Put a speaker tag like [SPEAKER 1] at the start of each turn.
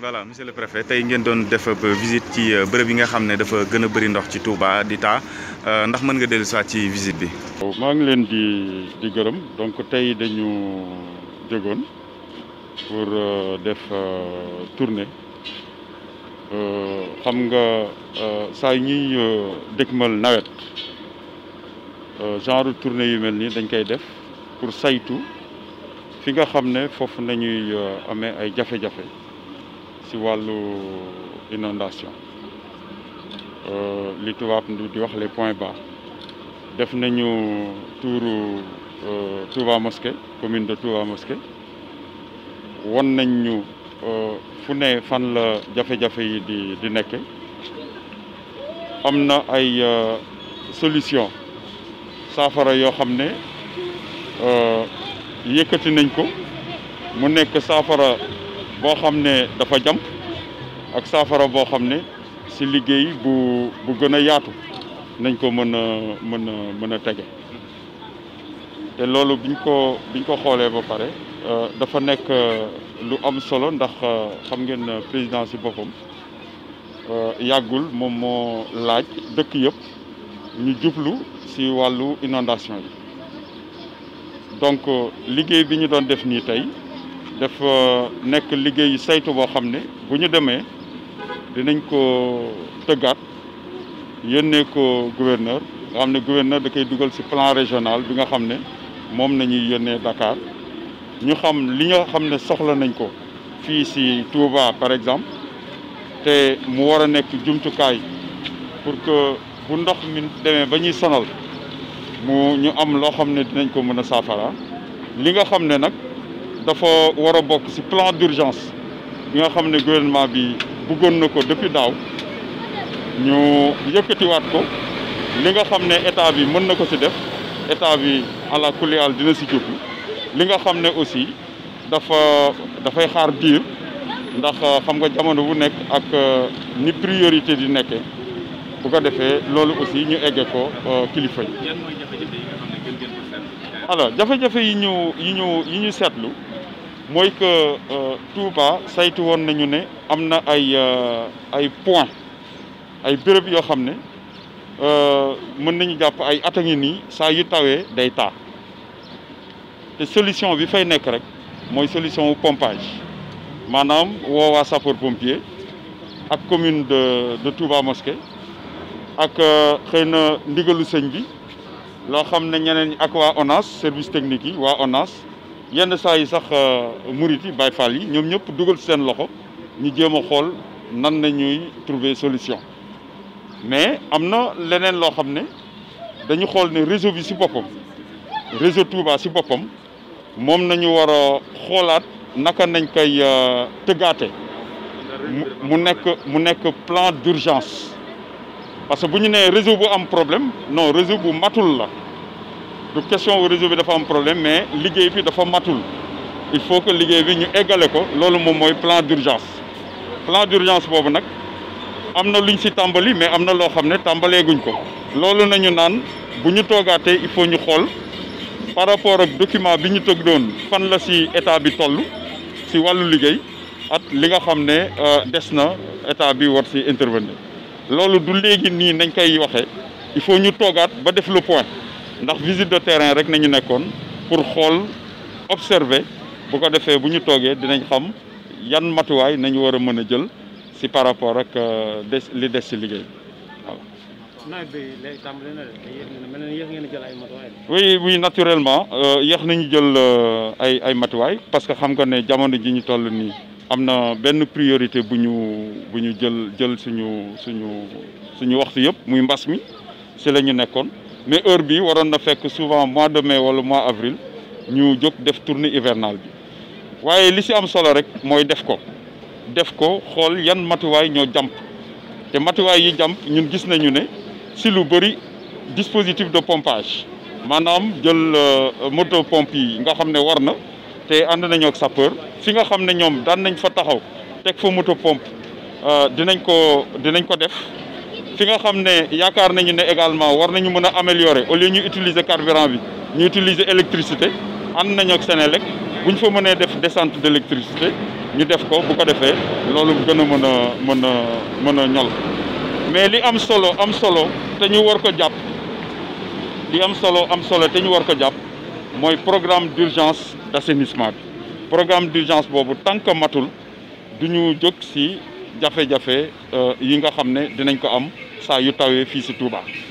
[SPEAKER 1] voilà monsieur le préfet tey ngeen doon def visite ci euh, bërëb yi nga xam ne dafa gën a bëri ndox ci Touba di taa euh, ndax mën nga dellu soit ci visite bi. maa ngi leen di di gërëm donc tey dañu jógoon pour euh, def tournée xam nga saa yu ñuy dëgmal nawet genre tournée yu mel nii dañ koy def pour saytu fi nga xam ne foofu nañuy amee ay jafe-jafe. ci wàllu inondation euh, li ndu di wax les points bas def nañu tuuru euh, Touba Mosquée commune de Touba Mosquée won nañ ñu euh, fu ne fan la jafe-jafe yi di di nekke am na ay solution saafara yoo xam ne yëkkati nañ ko mu nekk saafara boo xam ne dafa jam ak saafara boo xam ne si liggéey bu bu gën a yaatu nañ ko mën a mën a mën a tege te loolu biñ ko biñ ko xoolee ba pare euh, dafa nekk euh, lu am solo ndax euh, xam ngeen président si boppam yàggul moom moo laaj dëkk yëpp ñu jublu si wàllu inondation yi donc liggéey bi ñu doon def nii tey dafa nekk liggéey saytu boo xam ne bu ñu demee dinañ ko tëggaat yónnee ko gouverneur nga xam ne gouverneur da koy dugal ci plan régional bi nga xam ne moom nañuy yénnee Dakar ñu xam li nga xam ne soxla nañ ko fii ci Touba par exemple te mu war a nekk jumtukaay pour que bu ndox mi demee ba ñuy sonal mu ñu am loo xam ne dinañ ko mën a saafara li nga xam ne nag dafa war a bokk ci plan d'urgence bi nga xam ne gouvernement bi buggoon na ko depuis daaw ñu yëkkatiwaat ko li nga xam ne état bi mën na ko ci def état bi àla kulial dina ci jóg li nga xam ne aussi dafa dafay xaar biir ndax euh, xam nga jamono bu nekk ak euh, ni priorité di nekkee bu ko defee loolu aussi ñu egge ko euh, kilifa yi alors jafe-jafe yi ñu yi ñu yi ñu seetlu mooy que euh, Touba saytu woon nañu ne am na ay euh, ay point ay béréb yoo xam ne euh, mën nañu jàpp ay at nii saa yu tawee day taa te solution bi fay nekk rek mooy solution wu pompage maanaam woowaa sapeur pompier ak commune de de Touba Mosquée ak xëy na ndigalu sëñ bi loo xam ne ñeneen ak waa ONAS service technique yi waa ONAS yenn saa yi sax euh, murit yi Baay Faal yi ñoom ñëpp dugal seen loxo ñu jéem a xool nan na ñuy trouver solution mais am na leneen loo xam ne dañu xool ne réseau bi si boppam réseau Touba si boppam moom nañu war a xoolaat naka nañ koy euh, tëggaate mu nekk mu nekk plan d'urgence parce que bu ñu nee réseau bu am problème non réseau bu matul la du question réseau bi dafa am problème mais liggéey bi dafa matul il faut que liggéey bi ñu eggale ko loolu moom mooy plan d'urgence plan d'urgence boobu nag am na luñ si tàmbali mais am na loo xam ne tàmbaleeguñ ko loolu nañu naan bu ñu toogaatee il faut ñu xool par rapport ak document bi ñu tëg doon fan la si état bi toll si wàllu liggéey at li nga xam ne euh, des na état bi war si intervenir loolu du léegi nii nañ koy waxee il faut ñu toogaat ba def le point ndax visite de terrain rek nañu nekkoon pour xool observer bu ko defee bu ñu toogee dinañ xam yan matuwaay nañu war a mën a jël si par rapport ak euh, des li des si liggéey nawet bi léegi tàmbali na de yéex ngeen jël ay matuwaay. naturellement euh, yéex nañu jël euh, ay ay matuwaay parce que xam nga ne jamono ji ñu toll nii am na benn priorité bu ñu bu ñu jël jël suñu suñu suñu wax waxtu yëpp muy mbas mi si la ñu nekkoon. mais heure bi waroon na fekk souvent mois de mai wala mois avril ñu jóg def tournée hivernale bi waaye li si am solo rek mooy def ko def ko xool yan matuwaay ñoo jàmp te matuwaay yi jàmp ñun gis nañu ne si lu bëri dispositif de pompage maanaam jël euh, moto pompe yi nga xam ne war na te ànd nañoo ak sapeur fi nga xam ne ñoom daan nañ fa taxaw teg fa moto pompe euh, dinañ ko dinañ ko def fi nga xam ne yaakaar nañu ne également war nañu mën a améliorer au lieu ñu utiliser carburant bi ñu utiliser électricité am nañu ak Senelec bu ñu fa mënee def descente d' électricité ñu def ko bu ko defee loolu gën a mën a mën a mën a ñol mais li am solo am solo te ñu war ko jàpp li am solo am solo te ñu war ko jàpp mooy programme d' urgence d' bi programme d' boobu tant que matul du ñu jóg si jafe-jafe euh, yi nga xam ne dinañ ko am saa yu tawee fii si Touba.